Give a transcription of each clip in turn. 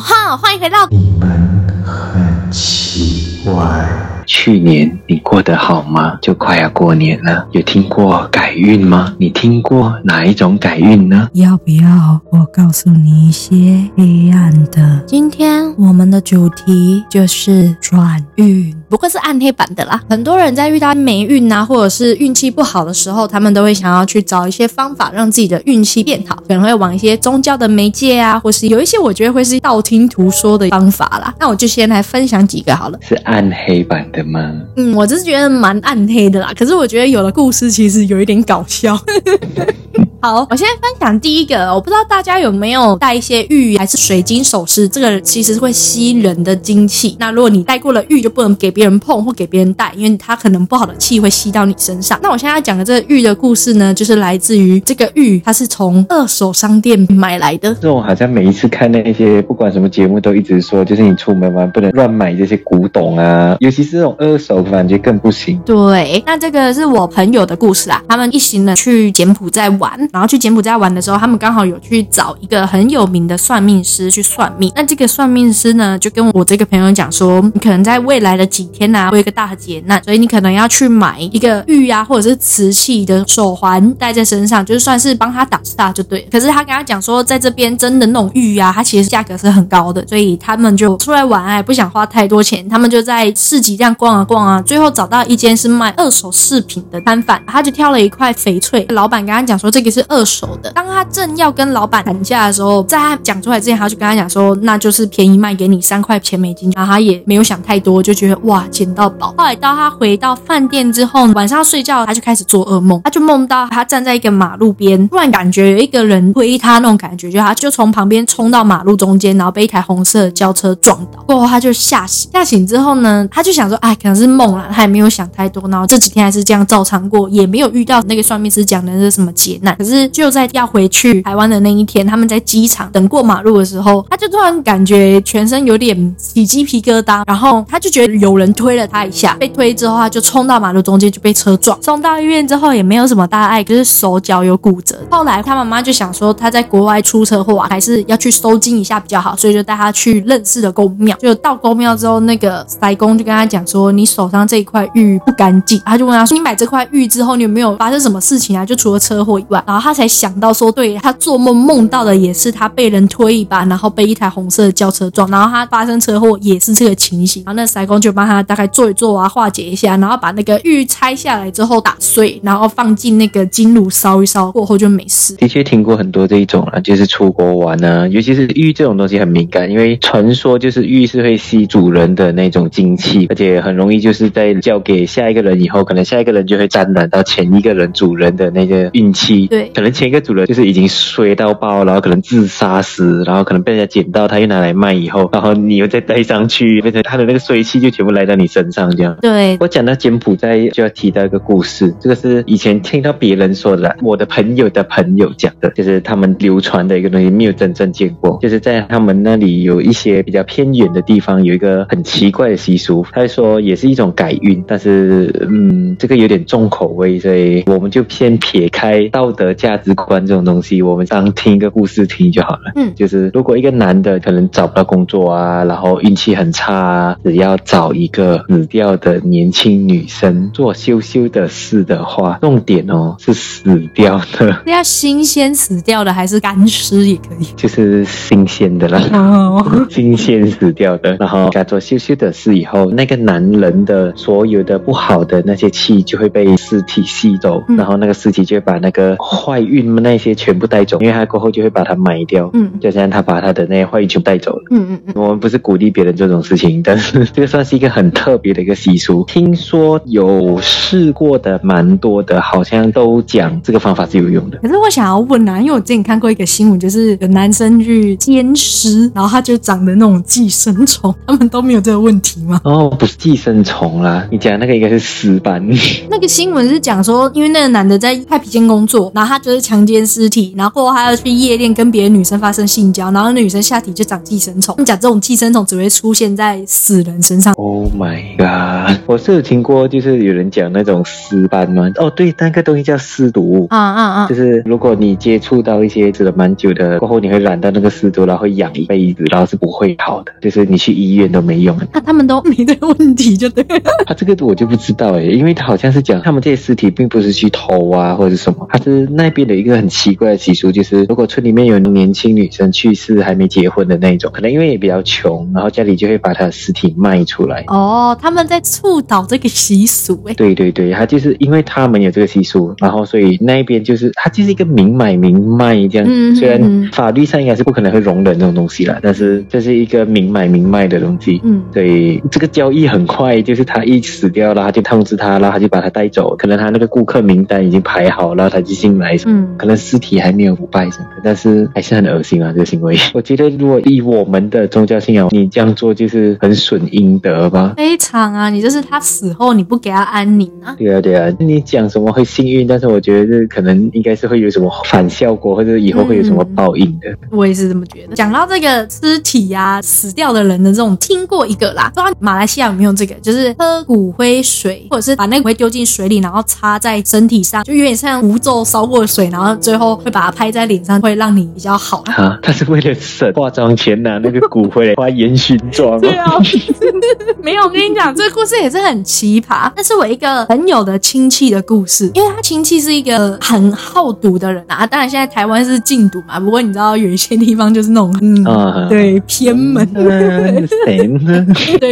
哈、哦，歡迎回到，你們很奇怪。去年，你過得好嗎？就快要過年了，有聽過改運嗎？你聽過哪一種改運呢？要不要我告訴你一些黑暗的？今天我們的主題就是轉運，不過是暗黑版的啦。很多人在遇到霉運啊，或者是運氣不好的時候，他們都會想要去找一些方法，讓自己的運氣變好，可能會往一些宗教的媒介啊，或是有一些我覺得會是道聽途說的方法啦。那我就先來分享幾個好了。是暗黑版的嗎？嗯。我只是覺得蠻暗黑的啦，可是我覺得有的故事其實有一點搞笑。 好，我現在分享第一個，我不知道大家有沒有戴一些玉還是水晶首飾，這個其實是會吸人的精氣。那如果你戴過了玉，就不能給別人碰或給別人戴，因為它可能不好的氣會吸到你身上。那我現在要講的這個玉的故事呢，就是來自於這個玉，它是從二手商店買來的。這種好像每一次看那那些，不管什麼節目都一直說，就是你出門玩不能亂買這些古董啊，尤其是這種二手，感覺更不行。對，那這個是我朋友的故事啊，他們一行人去柬埔寨玩。然後去柬埔寨玩的時候，他們剛好有去找一個很有名的算命師去算命。那這個算命師呢，就跟我這個朋友講說，你可能在未來的幾天吶、啊、會有一個大劫難，所以你可能要去買一個玉啊或者是瓷器的手環戴在身上，就算是幫他擋煞就對了。可是他跟他講說，在這邊真的弄玉啊，它其實價格是很高的，所以他們就出來玩哎、啊，不想花太多錢，他們就在市集這樣逛啊逛啊，最後找到一間是賣二手飾品的攤販，他就挑了一塊翡翠，老闆跟他講說這個是二手的。當他正要跟老闆談價的時候，在他講出來之前，他就跟他講說：“那就是便宜賣給你三塊錢美金。”然後他也沒有想太多，就覺得哇，撿到寶。後來到他回到飯店之後，晚上睡覺他就開始做噩夢，他就夢到他站在一個馬路邊，突然感覺有一個人推他那種感覺，就他就從旁邊衝到馬路中間，然後被一台紅色的轎車撞倒。過後他就嚇醒，嚇醒之後呢，他就想說：“哎，可能是夢了。”他也沒有想太多，然後這幾天還是這樣照常過，也沒有遇到那個算命師講的是什麼劫難。可是就在要回去台灣的那一天，他們在機場等過馬路的時候，他就突然感覺全身有點起雞皮疙瘩，然後他就覺得有人推了他一下，被推之後啊就衝到馬路中間就被車撞，送到醫院之後也沒有什麼大礙，就是手腳有骨折。後來他媽媽就想說他在國外出車禍啊，還是要去收驚一下比較好，所以就帶他去認識的宮廟。就到宮廟之後，那個塞公就跟他講說：“你手上這一塊玉不乾淨。”他就問他說：“你買這塊玉之後，你有沒有發生什麼事情啊？就除了車禍以外。”然後他才想到說，對，他做夢夢到的也是他被人推一把，然後被一台紅色的轎車撞，然後他發生車禍也是這個情形。然後那師公就幫他大概做一做，啊，化解一下，然後把那個玉拆下來之後打碎，然後放進那個金爐燒一燒，過後就沒事。的確聽過很多這一種啊，就是出國玩啊，尤其是玉這種東西很敏感，因為傳說就是玉是會吸主人的那種精氣，而且很容易就是在交給下一個人以後，可能下一個人就會沾染到前一個人主人的那個運氣。對。可能前一個主人就是已經衰到爆，然後可能自殺死，然後可能被人家撿到，他又拿來賣以後，然後你又再戴上去，變成他的那個衰氣就全部來到你身上這樣。對。我講到柬埔寨就要提到一個故事，這個是以前聽到別人說的，我的朋友的朋友講的，就是他們流傳的一個東西，沒有真正見過，就是在他們那裡有一些比較偏遠的地方有一個很奇怪的習俗，他說也是一種改運，但是嗯，這個有點重口味，所以我們就先撇開道德價值觀這種東西，我們當聽一個故事聽就好了。嗯，就是如果一個男的可能找不到工作啊，然後運氣很差啊，只要找一個死掉的年輕女生做羞羞的事的話，重點哦是死掉的。要新鮮死掉的還是乾屍也可以？就是新鮮的啦，然後新鮮死掉的，然後他做羞羞的事以後，那個男人的所有的不好的那些氣就會被屍體吸走，嗯、然後那個屍體就會把那個。壞運嘛那些全部帶走，因為他過後就會把它埋掉。嗯，就像他把他的那些壞運全部帶走了。嗯嗯，我們不是鼓勵別人做這種事情，但是這個算是一個很特別的一個習俗。 聽說有試過的蠻多的，好像都講這個方法是有用的。可是我想要問男、啊、因為我之前看過一個新聞，就是有男生去姦屍，然後他就長得那種寄生蟲，他們都沒有這個問題嗎？哦，不是寄生蟲啦，你講那個應該是死板。 那個新聞是講說，因為那個男的在太平間工作，然後他。就是強姦屍體，然後還要去夜店跟別的女生發生性交，然後那女生下體就長寄生蟲。你講這種寄生蟲只會出現在死人身上。Oh my god！我是有聽過，就是有人講那種屍斑嗎？哦，對，那個東西叫屍毒。啊啊啊！就是如果你接觸到一些死了蠻久的，過後你會染到那個屍毒，然後會養一輩子，然後是不會好的，就是你去醫院都沒用。那、啊、他們都沒這個問題就對。他、啊、這個我就不知道哎、欸，因為他好像是講他們這些屍體並不是去偷啊或者什麼，他、啊就是那。邊的一個很奇怪的習俗，就是如果村裡面有年輕女生去世還沒結婚的那一種，可能因為也比較窮，然後家裡就會把她的屍體賣出來。哦，他們在促導這個習俗，哎，對對對，他就是因為他們有這個習俗，然後所以那邊就是他就是一個明買明賣這樣，嗯嗯，雖然法律上應該是不可能會容忍這種東西啦，但是這是一個明買明賣的東西，嗯，所以這個交易很快，就是他一死掉了，他就通知他了，然後他就把他帶走，可能他那個顧客名單已經排好了，他就進來。嗯，可能屍體還沒有腐敗什麼，但是還是很噁心啊！這個行為，我覺得如果以我們的宗教信仰，你這樣做就是很損陰德吧？非常啊！你就是他死後你不給他安寧啊？對啊，對啊！你講什麼會幸運，但是我覺得這可能應該是會有什麼反效果，或者以後會有什麼報應的。嗯嗯，我也是這麼覺得。講到這個屍體呀、啊，死掉的人的這種，聽過一個啦，不知道馬來西亞有沒有這個，就是喝骨灰水，或者是把那個骨灰丟進水裡，然後插在身體上，就有點像無咒燒過。水，然後最後會把它拍在臉上，會讓你比較好。啊，他是為了省化妝錢拿那個骨灰來畫煙熏妝？對啊， 沒有，我跟你講，這個故事也是很奇葩。那是我一個朋友的親戚的故事，因為他親戚是一個很好賭的人啊。當然，現在台灣是禁賭嘛，不過你知道有一些地方就是那種嗯，uh, 對，偏門 對，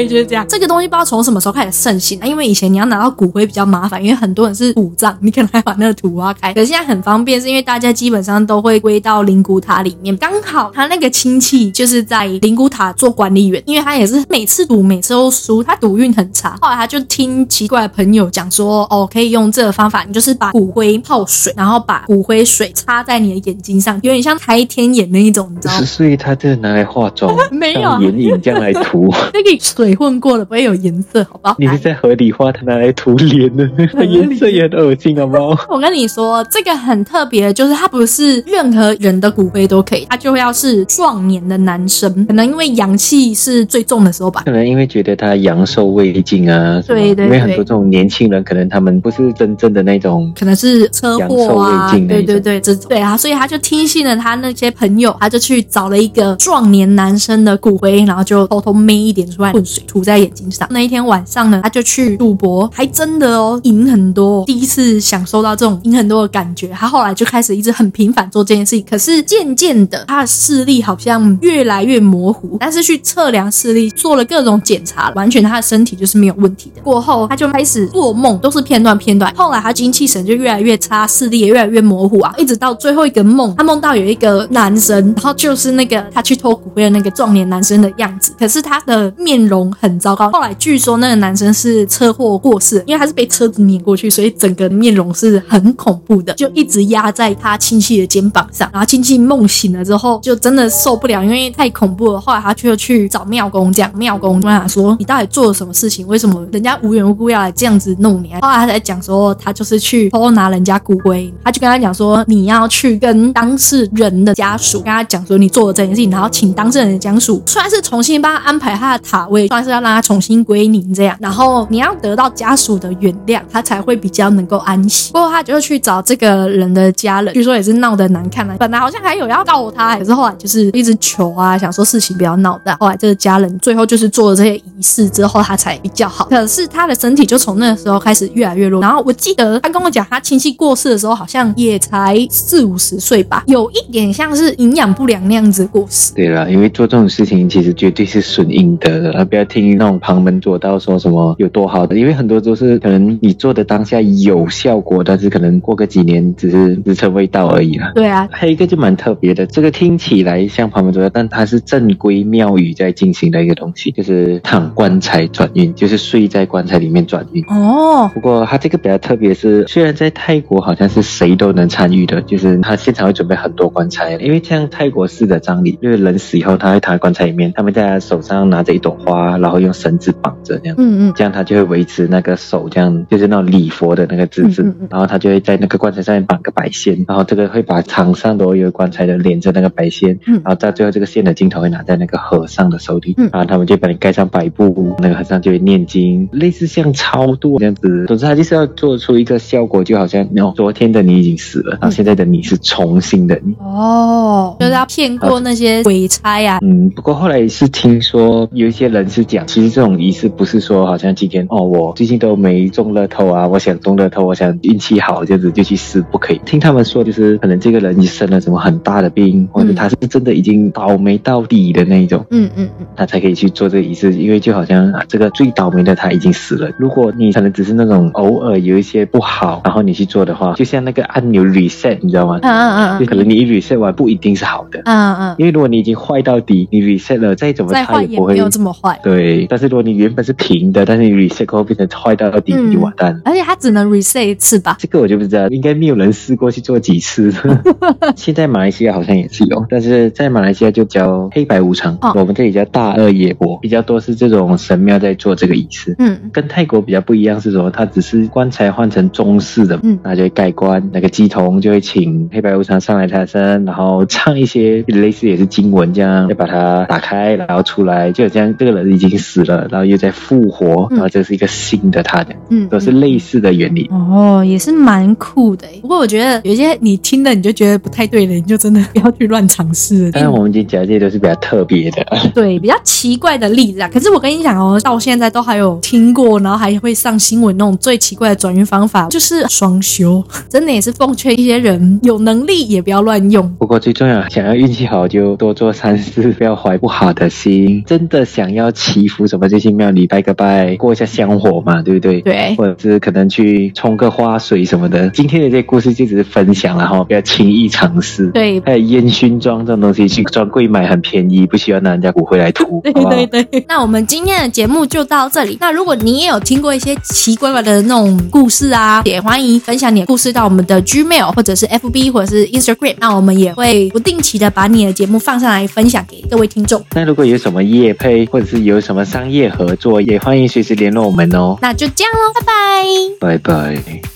就是這樣。這個東西不知道從什麼時候開始盛行，啊，因為以前你要拿到骨灰比較麻煩，因為很多人是土葬，你可能還把那個土挖開。可是現在很。很方便，是因為大家基本上都會歸到靈骨塔裡面。剛好他那個親戚就是在靈骨塔做管理員，因為他也是每次賭每次都輸，他賭運很差。後來他就聽奇怪的朋友講說，哦，可以用這個方法，你就是把骨灰泡水，然後把骨灰水擦在你的眼睛上，有點像開天眼那一種，你知道嗎？所以他就拿來化妝，沒有 眼影 這樣來塗。那個水混過了不會有顏色，好不好？你是在河裡畫，他拿來塗臉的，顏、嗯、色也很噁心好不好，好好 我跟你說這個很。很特別，就是他不是任何人的骨灰都可以，他就要是壯年的男生，可能因為陽氣是最重的時候吧，可能因為覺得他陽壽未盡啊，對對，對，因為很多這種年輕人，可能他們不是真正的那種，那種，可能是車禍啊，對對對，這種，對啊，所以他就聽信了他那些朋友，他就去找了一個壯年男生的骨灰，然後就偷偷埋一點出來，混水塗在眼睛上。那一天晚上呢，他就去賭博，還真的哦，贏很多，第一次享受到這種贏很多的感覺。他後來就開始一直很頻繁做這件事情，可是漸漸的他的視力好像越來越模糊。但是去測量視力，做了各種檢查，完全他的身體就是沒有問題的。過後他就開始做夢，都是片段片段。後來他精氣神就越來越差，視力也越來越模糊啊，一直到最後一個夢，他夢到有一個男生，然後就是那個他去偷骨灰的那個壯年男生的樣子，可是他的面容很糟糕。後來據說那個男生是車禍過世，因為他是被車子碾過去，所以整個面容是很恐怖的，就一。一直壓在他親戚的肩膀上，然後親戚夢醒了之後就真的受不了，因為太恐怖了。後來他就去找廟公，講，樣廟公跟他講說：“你到底做了什麼事情？為什麼人家無緣無故要來這樣子弄你？”後來他才講說：“他就是去偷拿人家骨灰。”他就跟他講說：“你要去跟當事人的家屬跟他講說你做了這件事情，然後請當事人的家屬，算是重新幫他安排他的塔位，算是要讓他重新歸寧這樣，然後你要得到家屬的原諒，他才會比較能夠安息。”過後他就去找這個。人的家人據說也是鬧得難看呢、啊。本來好像還有要告他、欸，可是後來就是一直求啊，想說事情不要鬧大。後來這個家人最後就是做了這些儀式之後，他才比較好。可是他的身體就從那個時候開始越來越弱。然後我記得他跟我講，他親戚過世的時候，好像也才四五十歲吧，有一點像是營養不良那樣子過世。對啦，因為做這種事情其實絕對是損陰德的，他、啊、不要聽那種旁門左道說什麼有多好的，因為很多都是可能你做的當下有效果，但是可能過個幾年之後。只是日常味道而已啦。對啊，還有一個就蠻特別的，這個聽起來像旁門左道，但它是正規廟宇在進行的一個東西，就是躺棺材轉運，就是睡在棺材裡面轉運。哦，不過它這個比較特別的是，雖然在泰國好像是誰都能參與的，就是他現場會準備很多棺材，因為像泰國式的葬禮，因為人死以後他會躺在棺材裡面，他們在他手上拿着一朵花，然後用繩子綁着這樣子，嗯嗯，這樣他就會維持那個手這樣，就是那種禮佛的那個姿勢，嗯嗯嗯，然後他就會在那個棺材上。綁個白線，然後這個會把場上所、哦、有棺材都連着那個白線，嗯、然後到最後這個線的盡頭會拿在那個和尚的手裡，嗯、然後他們就把你蓋上白布，那個和尚就會念經，類似像超度這樣子。總之，他就是要做出一個效果，就好像哦，昨天的你已經死了，嗯、然後現在的你是重新的你。哦，嗯、就是要騙過那些鬼差呀、啊。嗯，不過後來是聽說有一些人是講，其實這種儀式不是說好像今天哦，我最近都沒中樂透啊，我想中樂透，我想運氣好這樣子就去試。OK，聽他們說，就是可能這個人你生了什麼很大的病，嗯、或者他是真的已經倒霉到底的那一種，嗯嗯嗯，嗯他才可以去做這個儀式，因為就好像、啊、這個最倒霉的他已經死了。如果你可能只是那種偶爾有一些不好，然後你去做的話，就像那個按鈕 reset，你知道嗎？嗯嗯、啊。啊！就可能你 reset 完不一定是好的，嗯嗯、啊。啊、因為如果你已經壞到底，你 reset 了再怎麼再壞也不會也這麼壞。對，但是如果你原本是平的，但是你 reset 後變成壞到底就完蛋。嗯、而且它只能 reset 一次吧？這個我就不知道，應該沒有人。試過去做幾次，呵呵 現在馬來西亞好像也是有，但是在馬來西亞就叫黑白無常，哦、我們這裡叫大二爺伯，比較多是這種神廟在做這個儀式。嗯，跟泰國比較不一樣是什麼？他只是棺材換成中式的，嗯，就會蓋棺，嗯、那個乩童就會請黑白無常上來他身，然後唱一些類似也是經文這樣，就把它打開，然後出來，就好像這個人已經死了，然後又在復活，嗯、然後這是一個新的他的，嗯，都是類似的原理。哦，也是蠻酷的。我覺得有些你聽了你就覺得不太對了，你就真的不要去亂嘗試。但是我們今天講的這些都是比較特別的 對，對比較奇怪的例子。啊。可是我跟你講哦，到現在都還有聽過，然後還會上新聞那種最奇怪的轉運方法，就是雙修。真的也是奉勸一些人，有能力也不要亂用。不過最重要，想要運氣好就多做善事，不要懷不好的心。真的想要祈福什麼，這些廟裡拜個拜，拜，拜，過一下香火嘛，對不對？對，或者是可能去沖個花水什麼的。今天的這些故事，就只是分享然後、哦、不要輕易嘗試。對，還有煙燻妝這種東西，去專櫃買很便宜，不需要拿人家骨灰回來塗。 對對對。吧那我們今天的節目就到這裡。那如果你也有聽過一些奇怪怪的那種故事啊，也歡迎分享你的故事到我們的 Gmail 或者是 FB 或者是 Instagram。那我們也會不定期的把你的節目放上來分享給各位聽眾。那如果有什麼業配，或者是有什麼商業合作，也歡迎隨時聯絡我們哦。那就這樣嘍，拜拜，拜拜。